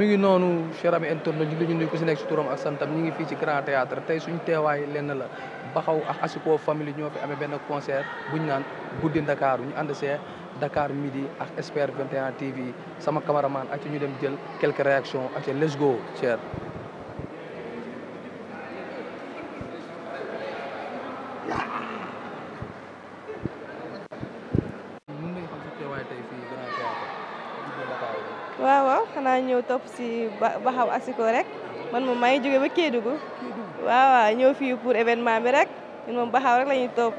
mi ngi noonu cher ami internaute ñu ngi leen di nuyu ku si nekk si turam ak santam ñu ngi fii ci Grand Théâtre tey suñu teewaay lenn la Baxaw ak Asiko famille ñoo fi amee benn concert bu ñu naan guddi Ndakaaru ñu ànd see Dakar midi ak SPR 21 TV sama cameraman ak ci ñu dem jël quelques réactions ak ci let's go cher waaw waaw xanaa ñëw topp si baxaw asiko rek man moom maa ngi jóge ba Kédougou waaw waaw ñëw fii pour événement bi rek ñun moom baxaw rek la topp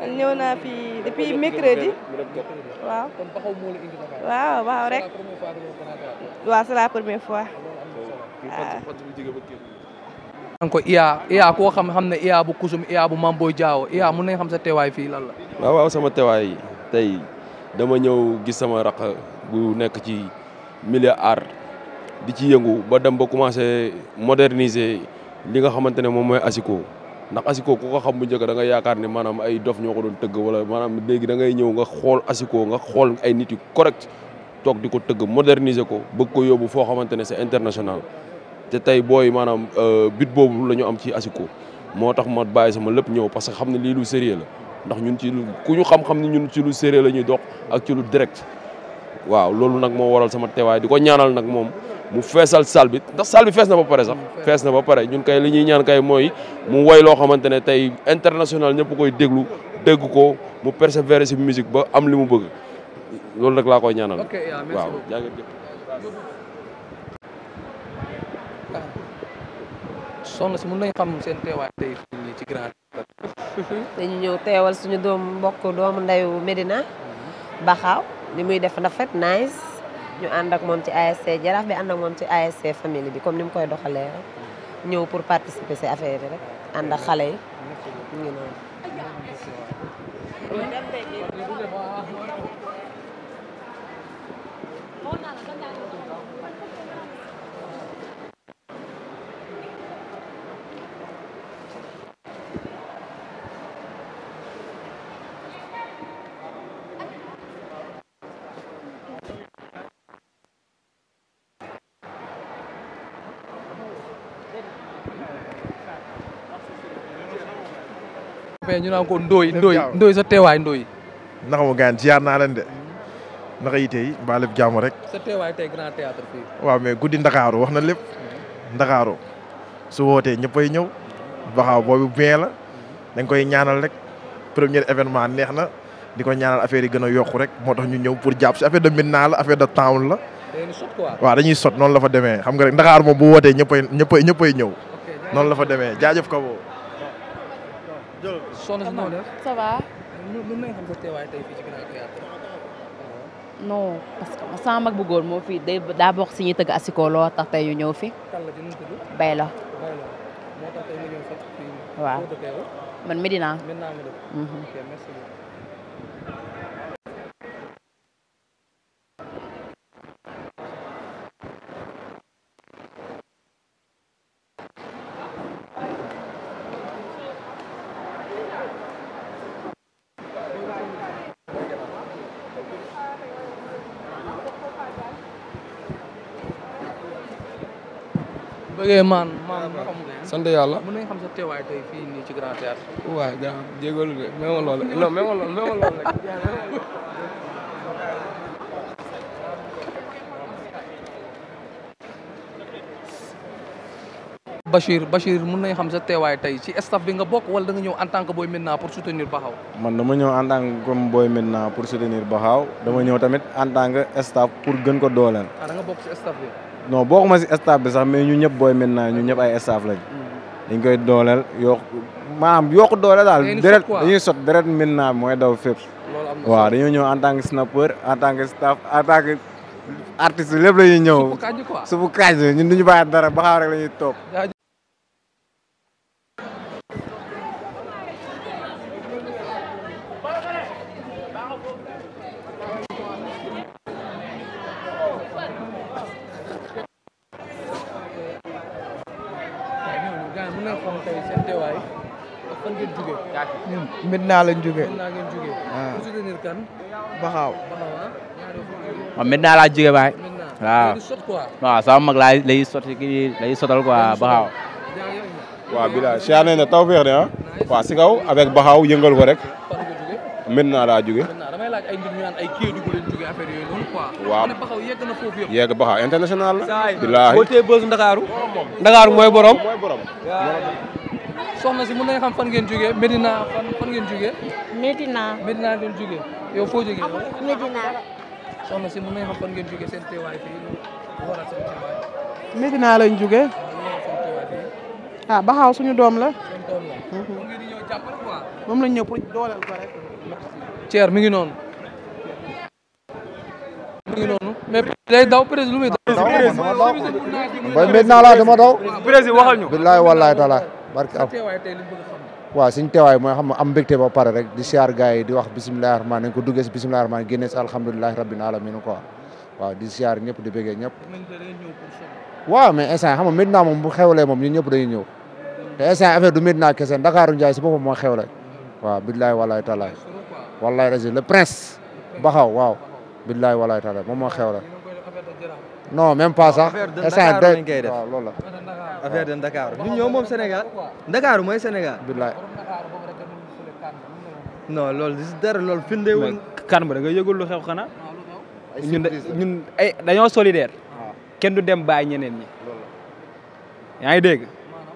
man ñëw naa fii depuis mercredi waaw baxaw rek waaw c'est la première fois ah, ah. an ko iya iya koo xam xam ne iya bu kusum iya bu Mame Boye Diao mun nañ xam sa teewaay fii lan la waaw sama teewaay tey dama ñëw gis sama raq bu nekk ci milieu art di ci yëngu ba dem ba commencé moderniser li nga xamante ne moom mooy asiko ndax asiko ku ko xam bu njëkk da nga yaakaar ne maanaam ay dof ñoo ko doon tëgg wala maanaam léegi da ñëw nga xool asiko nga xool ay nit yu correct toog di ko tëgg moderniser ko bëgg ko yóbbu foo xamante ne c'est international te tey booy maanaam euh, but boobu la ñu am ci asiko moo tax ma bàyyi sama lépp ñëw parce que xam ne lii lu sérieux la ndax ñun ci lu ku ñu xam-xam ne ñun ci lu sérieux la ñuy dox ak ci lu direct waaw loolu nag moo waral sama teewaay di ko ñaanal nag moom mu feesal salle bi ndax salle bi fees na ba pare sax fees na ba pare ñun kay li ñuy ñaan kay mooy mu woy loo xamante ne tey international ñëpp koy déglu dégg ko mu persévérer si musique ba am li mu bëgg loolu nag laa koy ñaanal waaw ah. soxna si mën nañ xam seen teewaay ñëw teewal suñu doom mbokk doomu ndeyu Medina Baxaaw li muy def rafet nice ñu ànd ak moom ci ASC Jaraaf bi ànd ak moom ci ASC famille bi comme ni mu koy doxalee rek ñëw pour participer ci affaire yi rek ànd xale yi demee ñu naan ko ndooy ndooy ndooy sa teewaay ndooy naka mu naa leen de naka yi tey mbaa lépp jàmm rek sa teewaay tey grand théâtre fii waaw mais guddi ndakaaru wax na lépp ndakaaru su wootee ñëppay ñëw baxaaw boobu bien la dañ koy ñaanal rek premier événement neex na di ko ñaanal affaire yi gën a yokk rek moo tax ñu ñëw pour jàpp si affaire de Médina la affaire de town la waaw dañuy sot noonu la fa demee xam nga rek Ndakaar moom bu wootee ñëppay ñëppay ñëppay ñëw noonu la fa demee jaajëf Kabo soxna si noo def ça va. mën nañu xam tey fii ci ginnaaw théâtre. non parce que sama mag bu góor moo fi day daa bokk si ñuy tëgg asiko loo tax tey ñu ñëw fi. bay la. man Medina. Medina bëggee eh, maan ah, sant yàlla. mën nañu xam sa teewaay tey fii nii ci Grand Théâtre. waaw grand jégalu de xam sa teewaay tey ci staff bi nga bokk wala da ñëw en tant que Boy pour soutenir Baxaw. man dama ñëw en tant que comme Boy Médina pour soutenir Baxaw dama ñëw tamit en tant que staff pour gën ko dooleel. Ah, non bokkuma si staff bi sax mais ñu ñëpp booy maintenant ñu ñëpp ay staff lañ. Mm-hmm. dañ koy dooleel yokk maanaam yokk doole daal. deret dañuy sot deret maintenant mooy daw fépp. waaw dañoo ñëw en snapper en staff en tant que artiste ñëw. suufu kaaj ñun du ñu bàyyi dara ba xaar rek la ngeen jugee. ñun Medina lañ laa jugee baay. waaw waaw sama mag laa lay sotti kii lay sotal quoi Baxaaw. waaw bi laa siyaane na tawfeex de ah. waaw si avec Baxaaw yëngal ko rek. Medina laa jugee. damay waaw Baxaaw yegg international billaahi boo tee bëgg Ndakaaru. mooy borom. soxna si mën nañu xam fan ngeen jógee Medina fan fan ngeen foo jógee. Medina. si mën nañu xam fan ngeen jógee seen teewaay fii lu waral seen teewaay. Medina lañ jógee. ah Baxaw suñu doom la. suñu doom la. moom ngeen di ñëw pour dooleel ko rek. Thier mi ngi noonu. mi ngi noonu mais day daw président lu muy daw. président dama daw. président laa daw. président waxal ñu. barke am waaw suñ mooy xam am mbégte ba pare rek di siyaar gars yi di wax bisimilahi rahmaan nañ ko duggee si bisimilahi rahmaan génnee si alhamdulilahi rabbil alamin quoi waaw di siyaar ñëpp di béggee ñëpp waaw mais instant xam nga Medina moom bu xewlee moom ñun ñëpp dañuy ñëw te instant affaire du Medina kese Ndakaaru Njaay si boppam moo xewle waaw billaay walaay talaay walaay rasi le prince xaw waaw billaay walaay talaay moom moo xewle non même pas sax instant waaw loolu la affaire de Dakar ñun ñoo moom Sénégal Dakar mooy Sénégal. billaay. non loolu dara loolu firndeewul. kan ba da nga yëgul lu xew xanaa. ñun ay dañoo solidaire. Ah. kenn du dem baa ñeneen ñi. yaa ngi dégg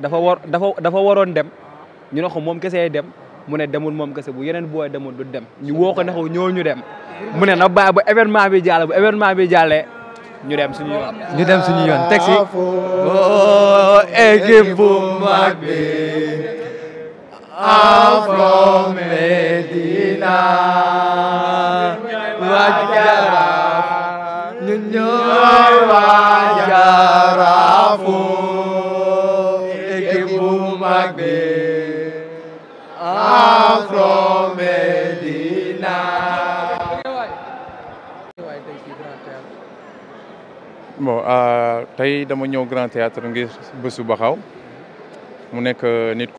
dafa war dafa dafa waroon dem ah. ñu ne ko moom kese dem mu ne demul moom kese bu yeneen booy demul du dem ñu woo ko ne ñoo ñu dem mu ne na bàyyi bu événement bi jàll bu événement bi jàllee. ñu dem suñu yoon ñu dem suñu yoon teg si équipe bu mag bi Afro Médina bon euh, tey dama ñëw Grand Théâtre ngir bésu Baxaw mu nekk euh, nit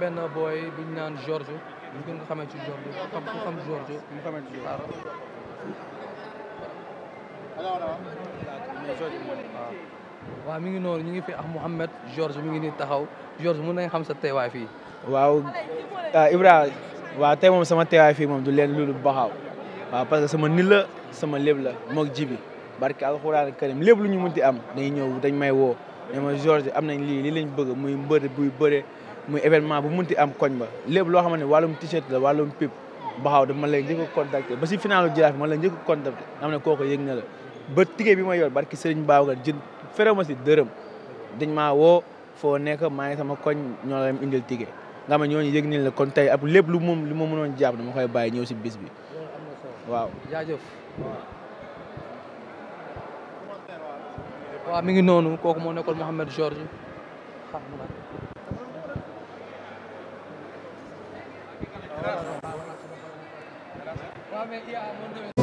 benn booy naan George ñu ko ci George ku xam waaw mi ngi noonu ñu ngi fi ak Mouhamed George mi ngi nii taxaw George mën nañ xam sa teewaay fii. waaw ah, Ibra waaw tey moom sama teewaay fii moom du leen loolu baxaw waaw parce que sama nit la sama lépp la moog jibi barke alxuraan karim lépp lu ñu mun mënti am dañ ñëw dañ may woo ne ma George am nañ lii lii lañ bëgg muy mbër buy bëre muy événement bu mun mënti am koñ ba lépp loo xamante ne wàllum t-shirt la wàllum pip baxaw dama lay njëkk a contacter ba si finalu jiraaf ma lay njëkk a am ne kooku yëg na la ba ticket bi ma yor barke Serigne Babacar jënd ferew ma si dërëm dañ maa woo foo nekk maa ngi sama koñ ñoo leen indil ticket nga xam ne ñooñu yëg nañ la kon tey ak lépp lu moom li ma mënoon jàpp dama koy bàyyi ñëw si bis bi waaw. jaajëf waaw ngi noonu kooku moo nekkoon Mouhamed George